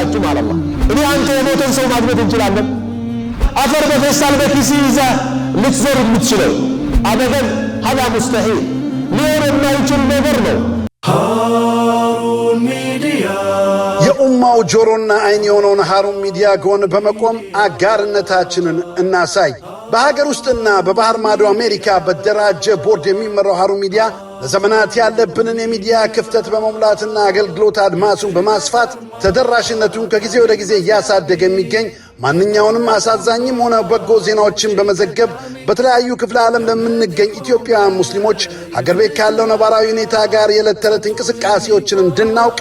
ትችላላችሁ ማለት ነው። እኔ አንተ የሞተን ሰው ማግኘት እንችላለን። አፈር በፌስታል በኪስ ይዛ ልትዞር የምትችለው አበበን ሀላ ሙስተሒል ሊሆን የማይችል ነገር ነው። የኡማው ጆሮና አይን የሆነውን ሃሩን ሚዲያ ጎን በመቆም አጋርነታችንን እናሳይ። በሀገር ውስጥና በባህር ማዶ አሜሪካ በደራጀ ቦርድ የሚመራው ሀሩ ሚዲያ ለዘመናት ያለብንን የሚዲያ ክፍተት በመሙላትና አገልግሎት አድማሱን በማስፋት ተደራሽነቱን ከጊዜ ወደ ጊዜ እያሳደገ የሚገኝ ማንኛውንም አሳዛኝም ሆነ በጎ ዜናዎችን በመዘገብ በተለያዩ ክፍለ ዓለም ለምንገኝ ኢትዮጵያውያን ሙስሊሞች ሀገር ቤት ካለው ነባራዊ ሁኔታ ጋር የዕለት ተዕለት እንቅስቃሴዎችን እንድናውቅ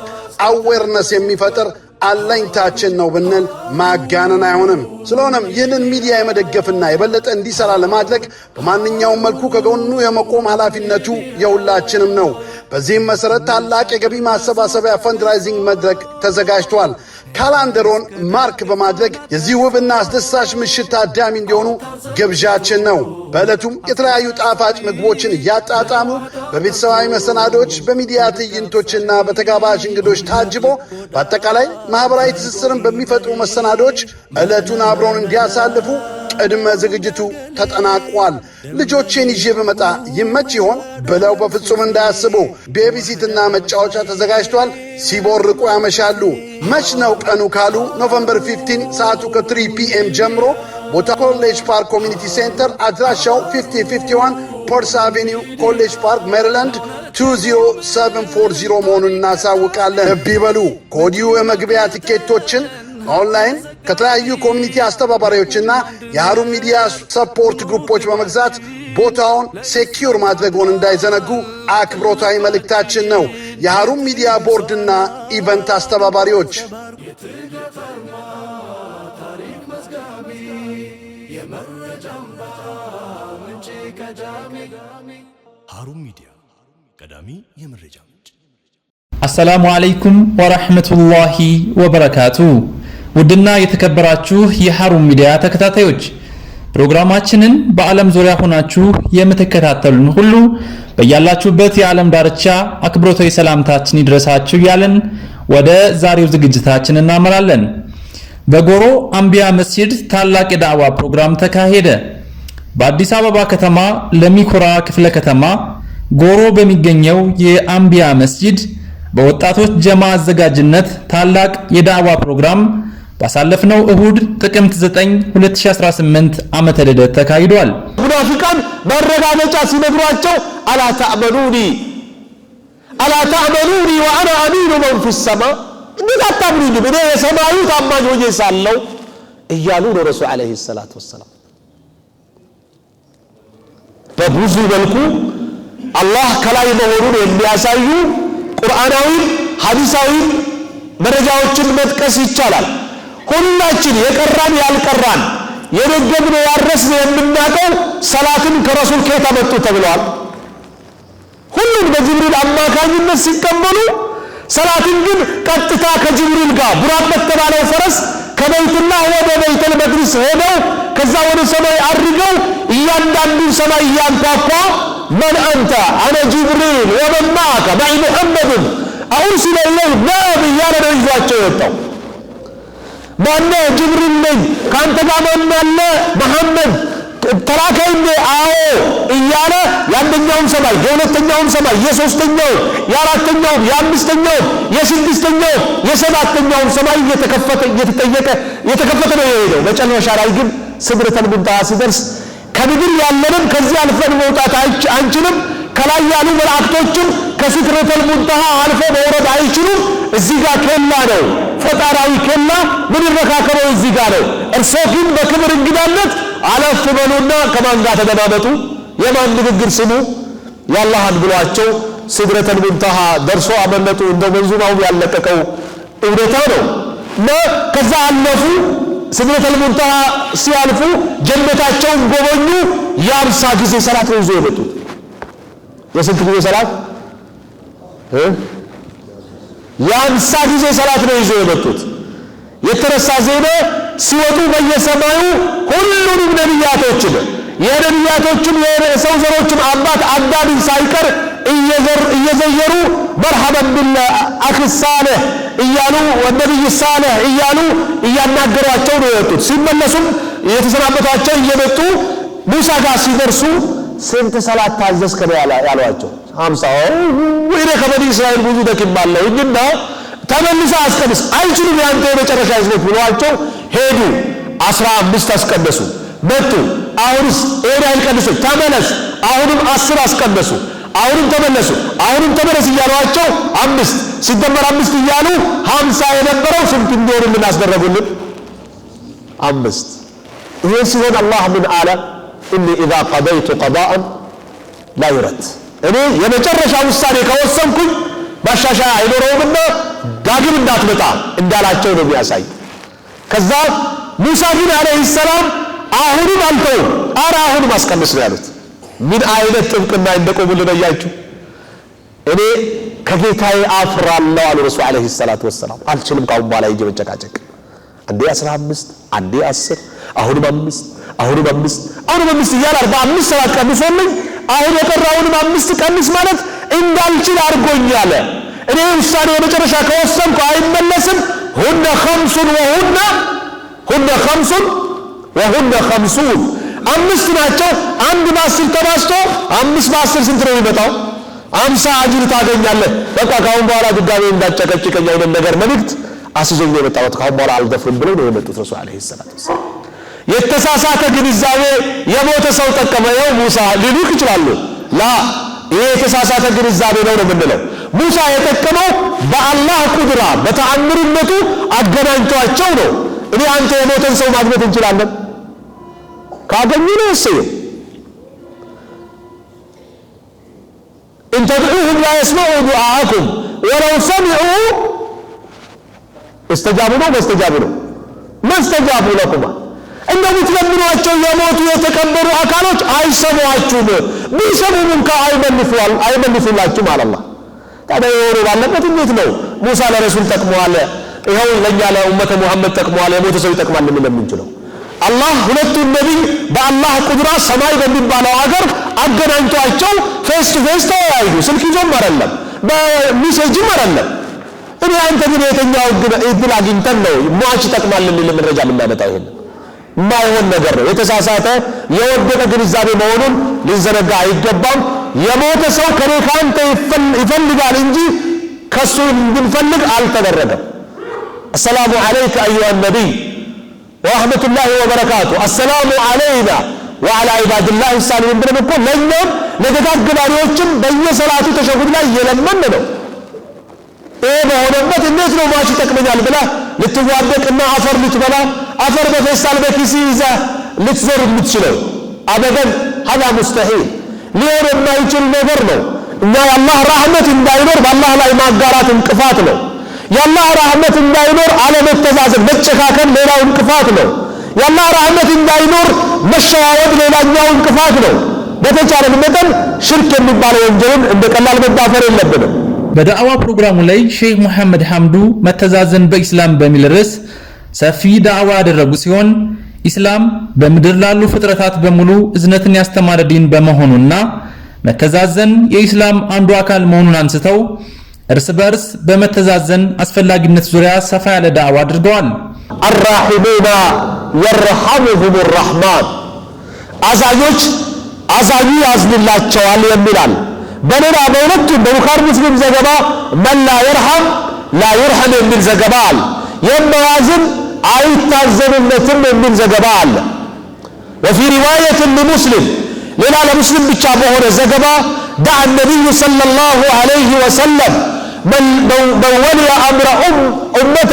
አዌርነስ የሚፈጥር አለኝታችን ነው ብንል ማጋነን አይሆንም። ስለሆነም ይህንን ሚዲያ የመደገፍና የበለጠ እንዲሰራ ለማድረግ በማንኛውም መልኩ ከጎኑ የመቆም ኃላፊነቱ የሁላችንም ነው። በዚህም መሰረት ታላቅ የገቢ ማሰባሰቢያ ፈንድራይዚንግ መድረክ ተዘጋጅቷል። ካላንደሮን ማርክ በማድረግ የዚህ ውብና አስደሳች ምሽት ታዳሚ እንዲሆኑ ግብዣችን ነው። በዕለቱም የተለያዩ ጣፋጭ ምግቦችን እያጣጣሙ በቤተሰባዊ መሰናዶች፣ በሚዲያ ትዕይንቶችና በተጋባዥ እንግዶች ታጅቦ በአጠቃላይ ማኅበራዊ ትስስርን በሚፈጥሩ መሰናዶች ዕለቱን አብረውን እንዲያሳልፉ ቅድመ ዝግጅቱ ተጠናቋል። ልጆቼን ይዤ ብመጣ ይመች ይሆን ብለው በፍጹም እንዳያስቡ ቤቢሲትና መጫወቻ ተዘጋጅቷል። ሲቦርቁ ያመሻሉ። መች ነው ቀኑ ካሉ ኖቨምበር 15 ሰዓቱ ከ3 ፒኤም ጀምሮ ቦታ ኮሌጅ ፓርክ ኮሚኒቲ ሴንተር አድራሻው 551 ፖርስ አቬኒው ኮሌጅ ፓርክ ሜሪላንድ 20740 መሆኑን እናሳውቃለን። እቢ በሉ ከወዲሁ የመግቢያ ትኬቶችን ኦንላይን ከተለያዩ ኮሚኒቲ አስተባባሪዎችና የአሩ ሚዲያ ሰፖርት ግሩፖች በመግዛት ቦታውን ሴኪዩር ማድረጉን እንዳይዘነጉ አክብሮታዊ መልእክታችን ነው። የአሩም ሚዲያ ቦርድና ኢቨንት አስተባባሪዎች ሚዲያ ቀዳሚ የመረጃ ምንጭ። አሰላሙ አለይኩም ወረሕመቱላሂ ወበረካቱ ውድና የተከበራችሁ የሀሩን ሚዲያ ተከታታዮች ፕሮግራማችንን በዓለም ዙሪያ ሆናችሁ የምትከታተሉን ሁሉ በያላችሁበት የዓለም ዳርቻ አክብሮታዊ ሰላምታችን ይድረሳችሁ እያልን ወደ ዛሬው ዝግጅታችን እናመራለን። በጎሮ አምቢያ መስጂድ ታላቅ የዳዕዋ ፕሮግራም ተካሄደ። በአዲስ አበባ ከተማ ለሚኩራ ክፍለ ከተማ ጎሮ በሚገኘው የአምቢያ መስጂድ በወጣቶች ጀማ አዘጋጅነት ታላቅ የዳዕዋ ፕሮግራም ባሳለፍነው እሁድ ጥቅምት 9 2018 ዓመተ ልደት ተካሂዷል። ሙናፊቃን መረጋገጫ ሲነግሯቸው አላ ተዕመኑኒ አላ ወአና አሚኑ መን ፊ ሰማ እንዴት አታምኑኝም እኔ የሰማዩ ታማኝ ሆኜ ሳለው እያሉ ነው ረሱል ዓለይሂ ሰላት ወሰላም። በብዙ መልኩ አላህ ከላይ መሆኑን የሚያሳዩ ቁርአናዊ ሀዲሳዊ መረጃዎችን መጥቀስ ይቻላል። ሁላችን የቀራን ያልቀራን የደገብነ ያረስነ የምናቀው ሰላትን ከረሱል ከየት አመጡ ተብለዋል። ሁሉም በጅብሪል አማካኝነት ሲቀበሉ ሰላትን ግን ቀጥታ ከጅብሪል ጋር ቡራቅ በተባለው ፈረስ ከበይትና ወደ በይተል መቅዲስ ሄደው ከዛ ወደ ሰማይ አድርገው እያንዳንዱን ሰማይ እያንኳኳ መን አንተ አነ ጅብሪል ወመን ማዕከ ማዕ ሙሐመድን አኡርሲለ ኢለይህ ነብ እያለ ነው ይዟቸው የወጣው። ማነ ጅብሪል ነኝ። ከአንተ ጋር ማን አለ? መሐመድ ተላከኝ። አዎ እያለ የአንደኛውም ሰማይ የሁለተኛውም ሰማይ የሶስተኛውም የአራተኛውም የአምስተኛውም የስድስተኛውም የሰባተኛውም ሰማይ እየተከፈተ እየተጠየቀ እየተከፈተ ነው የሄደው። መጨረሻ ላይ ግን ስድረተል ሙንተሃ ሲደርስ ከምድር ያለንም ከዚህ አልፈን መውጣት አንችልም። ከላይ ያሉ መላእክቶችም ከስድረተል ሙንተሃ አልፈው መውረድ አይችሉም። እዚህ ጋር ኬላ ነው ፈጣራዊ ከላ ምን ይመካከረው እዚህ ጋር ነው። እርሶ ግን በክብር እንግዳነት አለፍ በሉና ከማን ጋር ተደማመጡ? የማን ንግግር ስሙ? ያላህን ብሏቸው ሲድረተል ሙንተሃ ደርሶ አመለጡ። እንደ መንዙማው ያለቀቀው እውነታ ነው እና ከዛ አለፉ። ሲድረተል ሙንተሃ ሲያልፉ ጀነታቸውን ጎበኙ። የአምሳ ጊዜ ሰላት ነው ይዞ የመጡት የስንት ጊዜ ሰላት የአምሳ ጊዜ ሰላት ነው ይዞ የመጡት። የተረሳ ዜና ሲወጡ በየሰማዩ ሁሉንም ነቢያቶችን የነቢያቶችም የሰው ዘሮችም አባት አዳምን ሳይቀር እየዘየሩ መርሐበን ቢላ አክ ሳሌሕ እያሉ ነቢይ ሳሌሕ እያሉ እያናገሯቸው ነው የወጡት። ሲመለሱም የተሰናበቷቸው እየመጡ ሙሳ ጋር ሲደርሱ ስንት ሰላት ታዘዝከ ነው ያሏቸው። ሀምሳ ወይኔ ከበኒ እስራኤል ብዙ ደክማለሁ እና ተመልሰ አስቀድስ አይችሉም ያንተ የመጨረሻ ህዝቦች ብለዋቸው ሄዱ። አስራ አምስት አስቀደሱ መጡ። አሁንስ ይሄን አልቀድስም ተመለስ። አሁንም አስር አስቀደሱ። አሁንም ተመለሱ። አሁንም ተመለስ እያሏቸው አምስት ሲደመር አምስት እያሉ ሀምሳ የነበረው ስንት እንዲሆን የምናስደረጉልን አምስት። ይህን ሲሆን አላህ ምን አለ እኒ ኢዛ ቀደይቱ ቀዳአን ላ እኔ የመጨረሻ ውሳኔ ከወሰንኩኝ ማሻሻያ አይኖረውምና ዳግም እንዳትመጣ እንዳላቸው ነው የሚያሳይ። ከዛ ሙሳ ግን አለይሂ ሰላም አሁንም አልተው አረ አሁንም አስቀንስ ነው ያሉት። ምን አይነት ጥብቅና እንደቆሙልን እያችሁ እኔ ከጌታዬ አፍራለሁ አሉ ረሱል አለይሂ ሰላቱ ወሰላም። አልችልም ካሁን በኋላ ይዤ መጨቃጨቅ። አንዴ አስራ አምስት አንዴ አስር አሁንም አምስት አሁንም አምስት አሁንም አምስት እያለ አርባ አምስት ሰባት ቀንሶልኝ አሁን የቀረውንም አምስት ቀንስ ማለት እንዳልችል አድርጎኝ አለ። እኔ ውሳኔ የመጨረሻ ከወሰንኩ አይመለስም። ሁነ ከምሱን ወሁነ ሁነ ከምሱን ወሁነ ከምሱን አምስት ናቸው። አንድ በአስር ተባዝቶ አምስት በአስር ስንት ነው የሚመጣው? አምሳ አጅር ታገኛለህ። በቃ ከአሁን በኋላ ድጋሜ እንዳጨቀጭቀኝ አይነት ነገር መልእክት አስዞኝ የመጣሁት ከአሁን በኋላ አልደፍርም ብለው ነው የመጡት ረሱል ዓለይሂ ሰላቱ ወሰላም የተሳሳተ ግንዛቤ የሞተ ሰው ጠቀመው ሙሳ ሊሉክ ይችላሉ። ላ ይሄ የተሳሳተ ግንዛቤ ነው ነው የምንለው። ሙሳ የጠቀመው በአላህ ቁድራ በተአምርነቱ አገናኝቷቸው ነው። እኔ አንተ የሞተን ሰው ማግኘት እንችላለን ካገኙ ነው እሰየ እንተድዑሁም ላ የስመዑ ዱዓአኩም ወለው ሰሚዑ እስተጃቡ ነው መስተጃቡ ነው መስተጃቡ ለኩማ እንደምትለምኗቸው የሞቱ የተቀበሩ አካሎች አይሰሟችሁም፣ ቢሰሙም እንኳ አይመልሱላችሁም አለ ታዲያ የሆነ ባለበት እንዴት ነው ሙሳ ለረሱል ጠቅመዋል፣ ይኸው ለእኛ ለኡመተ ሙሐመድ ጠቅመዋል፣ የሞተ ሰው ይጠቅማል ልንል የምንችለው አላህ ሁለቱን ነቢይ በአላህ ቁድራ ሰማይ በሚባለው አገር አገናኝቷቸው ፌስ ቱ ፌስ ተወያዩ። ስልክ ይዞም አይደለም በሚሴጅም አይደለም። እኔ አንተ ግን የተኛው እድል አግኝተን ነው ሟች ይጠቅማል የሚል መረጃ የምናመጣው ይሄን ማይሆን ነገር ነው። የተሳሳተ የወደቀ ግንዛቤ መሆኑን ሊዘነጋ አይገባም። የሞተ ሰው ከኔ ካንተ ይፈልጋል እንጂ ከሱ እንድንፈልግ አልተደረገም። አሰላሙ አለይከ አዩሃ ነቢይ ወረሕመቱላሂ ወበረካቱ። አሰላሙ አለይና ወዓላ ዒባድላህ ሳሊሒን ብለን እኮ ለእኛም ለደጋግ ባሪዎችም በየሰላቱ ተሸጉድ ላይ እየለመን ነው። ይህ በሆነበት እንዴት ነው ማች ይጠቅመኛል ብላ ልትዋደቅና አፈር ልትበላ አፈር በፌስታል በኪሲ ይዛ ልትዞር የምትችለው አበደን ሀዛ ሙስተሒል ሊሆን የማይችል ነገር ነው እና የአላህ ራህመት እንዳይኖር በአላህ ላይ ማጋራት እንቅፋት ነው የአላህ ራህመት እንዳይኖር አለመተዛዘን መጨካከል ሌላው እንቅፋት ነው የአላህ ራህመት እንዳይኖር መሸዋወድ ሌላኛው እንቅፋት ነው በተቻለን መጠን ሽርክ የሚባለው ወንጀልን እንደ ቀላል መዳፈር የለብንም በዳዕዋ ፕሮግራሙ ላይ ሼህ ሙሐመድ ሐምዱ መተዛዘን በኢስላም በሚል ርዕስ ሰፊ ዳዕዋ ያደረጉ ሲሆን ኢስላም በምድር ላሉ ፍጥረታት በሙሉ እዝነትን ያስተማረ ዲን በመሆኑና መተዛዘን የኢስላም አንዱ አካል መሆኑን አንስተው እርስ በርስ በመተዛዘን አስፈላጊነት ዙሪያ ሰፋ ያለ ዳዕዋ አድርገዋል። አራሒሙና የርሐሙሁም ራሕማን አዛዦች አዛኙ ያዝንላቸዋል የሚላል በሌላ በሁለቱም በቡኻሪ ሙስሊም ዘገባ መን ላ የርሐም ላ ዩርሐም የሚል ዘገባ አለ። የማያዝን አይታዘንለትም የሚል ዘገባ አለ። ወፊ ሪዋየትን ለሙስሊም ሌላ ለሙስሊም ብቻ በሆነ ዘገባ ዳዓ ነቢዩ ሰለላሁ ዐለይሂ ወሰለም መን ወልየ አምረ ኡመቲ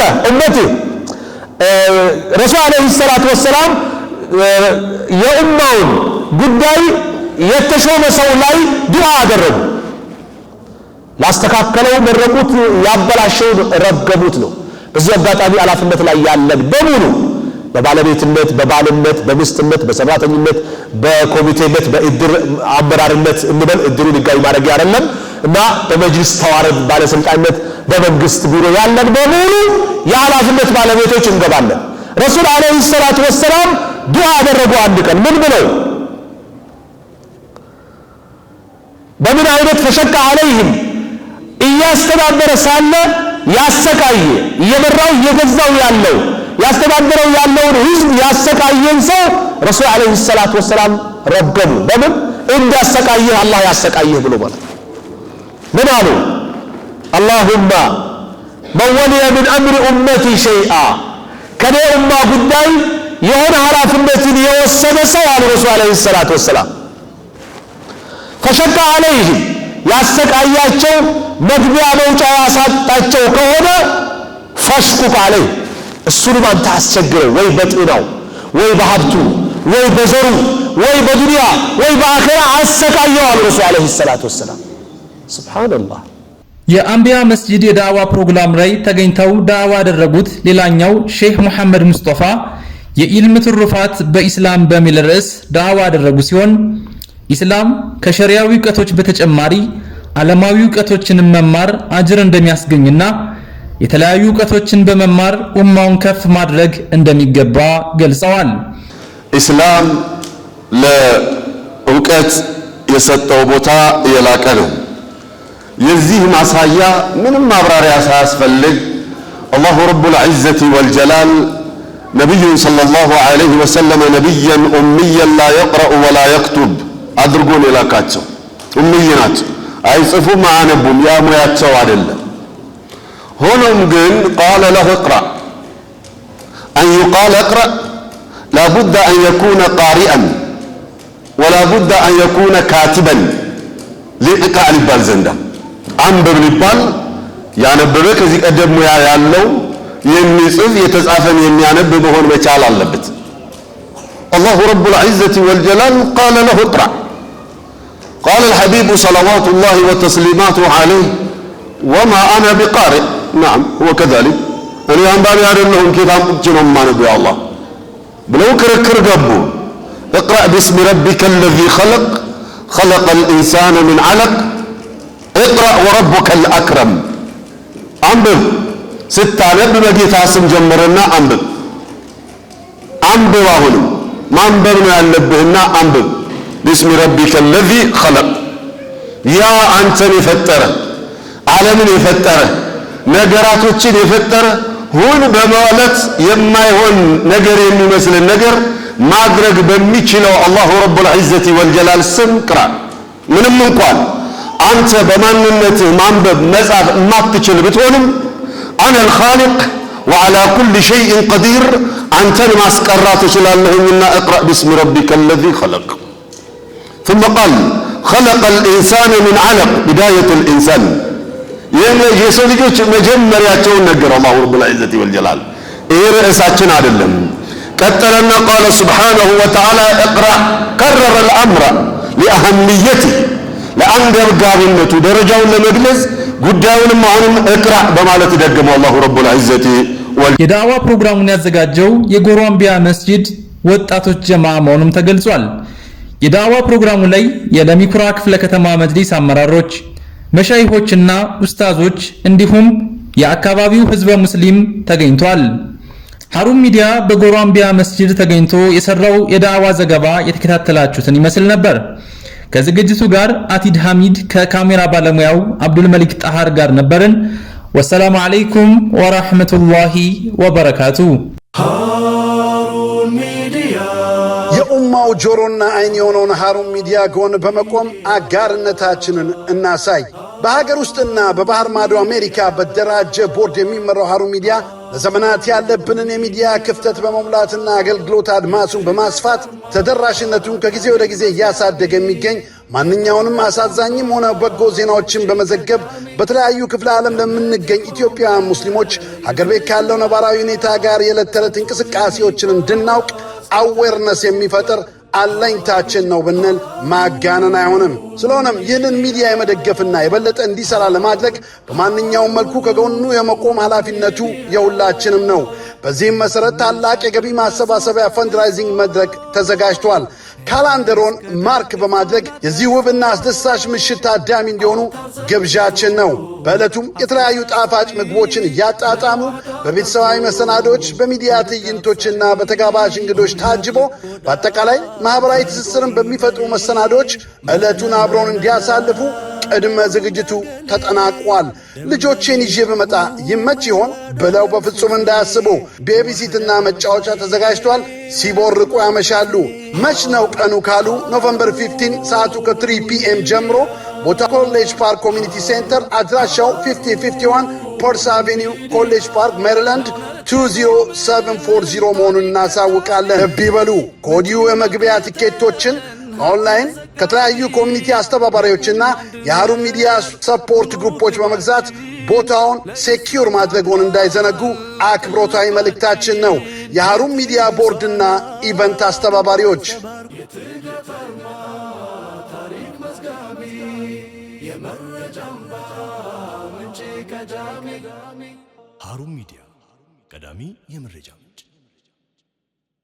ረሱል ዐለይሂ ሰላቱ ወሰላም የኡማውን ጉዳይ የተሾመ ሰው ላይ ዱዓ አደረጉ። ላስተካከለው መረቁት፣ ያበላሸውን ረገሙት ነው። በዚህ አጋጣሚ ኃላፊነት ላይ ያለን በሙሉ በባለቤትነት፣ በባልነት፣ በምስትነት፣ በሰራተኝነት፣ በኮሚቴነት፣ በእድር አመራርነት እንበል እድሩን ህጋዊ ማድረግ አይደለም እና በመጅልስ ተዋረድ ባለስልጣንነት፣ በመንግስት ቢሮ ያለን በሙሉ የኃላፊነት ባለቤቶች እንገባለን። ረሱል ዓለይሂ ሰላቱ ወሰላም ዱዓ አደረጉ አንድ ቀን ምን ብለው አይነት ፈሸቀ አለይህም እያስተባበረ ሳለ ያሰቃየ እየመራው እየገዛው ያለው ያስተባበረው ያለውን ህዝብ ያሰቃየን ሰው ረሱል ዓለይሂ ሰላቱ ወሰላም ረገሙ። በምን እንዳሰቃየህ አላህ ያሰቃየህ ብሎ ማለት ምን አሉ? አላሁማ መወልየ ምን አምሪ ኡመቲ ሸይአ ከኔ ኡማ ጉዳይ የሆነ ኃላፊነትን የወሰደ ሰው አሉ ረሱል ዓለይሂ ሰላቱ ወሰላም ፈሸቃ አለይህም ያሰቃያቸው መግቢያ መውጫ ያሳጣቸው ከሆነ ፈሽቁቅ አለይ እሱንም አንተ አስቸግረው ወይ በጤናው ወይ በሀብቱ ወይ በዘሩ ወይ በዱንያ ወይ በአኼራ አሰቃየው አሉ ረሱል ዓለይሂ ሰላቱ ወሰላም። ሱብሓነላህ። የአንቢያ መስጂድ የዳዕዋ ፕሮግራም ላይ ተገኝተው ዳዕዋ ያደረጉት ሌላኛው ሼህ መሐመድ ሙስጠፋ የኢልም ትሩፋት በኢስላም በሚል ርዕስ ዳዕዋ ያደረጉ ሲሆን ኢስላም ከሸሪያዊ እውቀቶች በተጨማሪ ዓለማዊ እውቀቶችን መማር አጅር እንደሚያስገኝና የተለያዩ እውቀቶችን በመማር ኡማውን ከፍ ማድረግ እንደሚገባ ገልጸዋል። ኢስላም ለእውቀት የሰጠው ቦታ የላቀ ነው። የዚህ ማሳያ ምንም ማብራሪያ ሳያስፈልግ አላሁ ረቡል ዒዘቲ ወልጀላል ነቢዩን ሰለላሁ ዐለይሂ ወሰለም ነቢየን ኡምየን ላ የቅረኡ ወላ የክቱብ አድርጎ ነው የላካቸው። እምዬ ናቸው። አይጽፉም፣ አያነቡም፣ ያ ሙያቸው አይደለም። ሆኖም ግን ቃለ ለሁ እቅራ አን ዩቃል እቅራ ላቡደ አን የኩነ ቃሪአን ወላቡደ አን የኩነ ካቲበን ሊእቃ ሊባል ዘንዳ አንብብ ሊባል ያነበበ ከዚህ ቀደም ሙያ ያለው የሚጽፍ የተጻፈን የሚያነብ መሆን መቻል አለበት። አላሁ ረቡል ዒዘቲ ወልጀላል ቃለ ለሁ እቅራ قال الحبيب صلوات الله وتسليمات عليه وما أنا بقارئ نعم هو كذلك أنا بابي أعلم لهم كتاب جنهم ما نبي الله بلو كركر قبو اقرأ باسم ربك الذي خلق خلق الإنسان من علق اقرأ وربك الأكرم أنبب ست علب بقيت تاسم جمرنا أنبب أنبب أهلم ما أنببنا أنبه أنبب ቢስሚ ረቢከ ለዚ ኸለቅ ያ አንተን የፈጠረ ዓለምን የፈጠረ ነገራቶችን የፈጠረ ሁን በማለት የማይሆን ነገር የሚመስልን ነገር ማድረግ በሚችለው አላሁ ረቡል ዒዘቲ ወልጀላል ስም ቅራ። ምንም እንኳን አንተ በማንነትህ ማንበብ መጻፍ የማትችል ብትሆንም አነ ልኻሊቅ ወዓላ ኩል ሸይእን ቀዲር አንተን ማስቀራት እችላለሁኝና እቅረእ ብስሚ ረቢከ ለዚ ኸለቅ ثم قال خلق الإنسان من علق بداية الإنسان የሰው ልጆች መጀመሪያቸውን ነገር አላሁ ረቡል ዒዘቲ ወልጀላል። ይሄ ርዕሳችን አይደለም። ቀጠለና ቃለ ሱብሓነሁ ወተዓላ እቅራ ከረረ ልአምረ ሊአህምየቲ ለአንገብጋቢነቱ ደረጃውን ለመግለጽ ጉዳዩንም አሁንም እቅራ በማለት ደግሞ አላሁ ረቡል ዒዘቲ የዳዕዋ ፕሮግራሙን ያዘጋጀው የጎሮ አንቢያ መስጂድ ወጣቶች ጀማ መሆኑም ተገልጿል። የዳዕዋ ፕሮግራሙ ላይ የለሚኩራ ክፍለ ከተማ መጅሊስ አመራሮች፣ መሻይሆችና ኡስታዞች እንዲሁም የአካባቢው ህዝበ ሙስሊም ተገኝቷል። ሀሩን ሚዲያ በጎሮ አንቢያ መስጂድ ተገኝቶ የሰራው የዳዕዋ ዘገባ የተከታተላችሁትን ይመስል ነበር። ከዝግጅቱ ጋር አቲድ ሐሚድ ከካሜራ ባለሙያው አብዱል መሊክ ጣሃር ጋር ነበርን። ወሰላሙ አለይኩም ወራህመቱላሂ ወበረካቱ። ሀሩን ሚዲያ ለኡማው ጆሮና አይን የሆነውን ሐሩን ሚዲያ ጎን በመቆም አጋርነታችንን እናሳይ። በሀገር ውስጥና በባህር ማዶ አሜሪካ በደራጀ ቦርድ የሚመራው ሐሩን ሚዲያ ለዘመናት ያለብንን የሚዲያ ክፍተት በመሙላትና አገልግሎት አድማሱን በማስፋት ተደራሽነቱን ከጊዜ ወደ ጊዜ እያሳደገ የሚገኝ ማንኛውንም አሳዛኝም ሆነ በጎ ዜናዎችን በመዘገብ በተለያዩ ክፍለ ዓለም ለምንገኝ ኢትዮጵያውያን ሙስሊሞች ሀገር ቤት ካለው ነባራዊ ሁኔታ ጋር የዕለት ተዕለት እንቅስቃሴዎችን እንድናውቅ አዌርነስ የሚፈጥር አለኝታችን ነው ብንል ማጋነን አይሆንም። ስለሆነም ይህንን ሚዲያ የመደገፍና የበለጠ እንዲሰራ ለማድረግ በማንኛውም መልኩ ከጎኑ የመቆም ኃላፊነቱ የሁላችንም ነው። በዚህም መሰረት ታላቅ የገቢ ማሰባሰቢያ ፈንድራይዚንግ መድረክ ተዘጋጅቷል። ካላንደሮን ማርክ በማድረግ የዚህ ውብና አስደሳች ምሽት ታዳሚ እንዲሆኑ ግብዣችን ነው። በዕለቱም የተለያዩ ጣፋጭ ምግቦችን እያጣጣሙ በቤተሰባዊ መሰናዶች፣ በሚዲያ ትዕይንቶችና በተጋባዥ እንግዶች ታጅቦ በአጠቃላይ ማኅበራዊ ትስስርን በሚፈጥሩ መሰናዶች ዕለቱን አብረውን እንዲያሳልፉ ቅድመ ዝግጅቱ ተጠናቋል። ልጆቼን ይዤ ብመጣ ይመች ይሆን ብለው በፍጹም እንዳያስቡ ቤቢሲትና መጫወቻ ተዘጋጅቷል። ሲቦርቁ ያመሻሉ። መች ነው ቀኑ ካሉ ኖቨምበር 15 ሰዓቱ ከ3 ፒኤም ጀምሮ ቦታ ኮሌጅ ፓርክ ኮሚኒቲ ሴንተር አድራሻው 551 ፖርስ አቬኒው ኮሌጅ ፓርክ ሜሪላንድ 20740 መሆኑን እናሳውቃለን። እቢ በሉ ከወዲሁ የመግቢያ ትኬቶችን ኦንላይን ከተለያዩ ኮሚኒቲ አስተባባሪዎችና የአሩ ሚዲያ ሰፖርት ግሩፖች በመግዛት ቦታውን ሴኪር ማድረጉን እንዳይዘነጉ አክብሮታዊ መልእክታችን ነው። የሀሩን ሚዲያ ቦርድና ኢቨንት አስተባባሪዎች ሀሩ ሚዲያ ቀዳሚ የመረጃ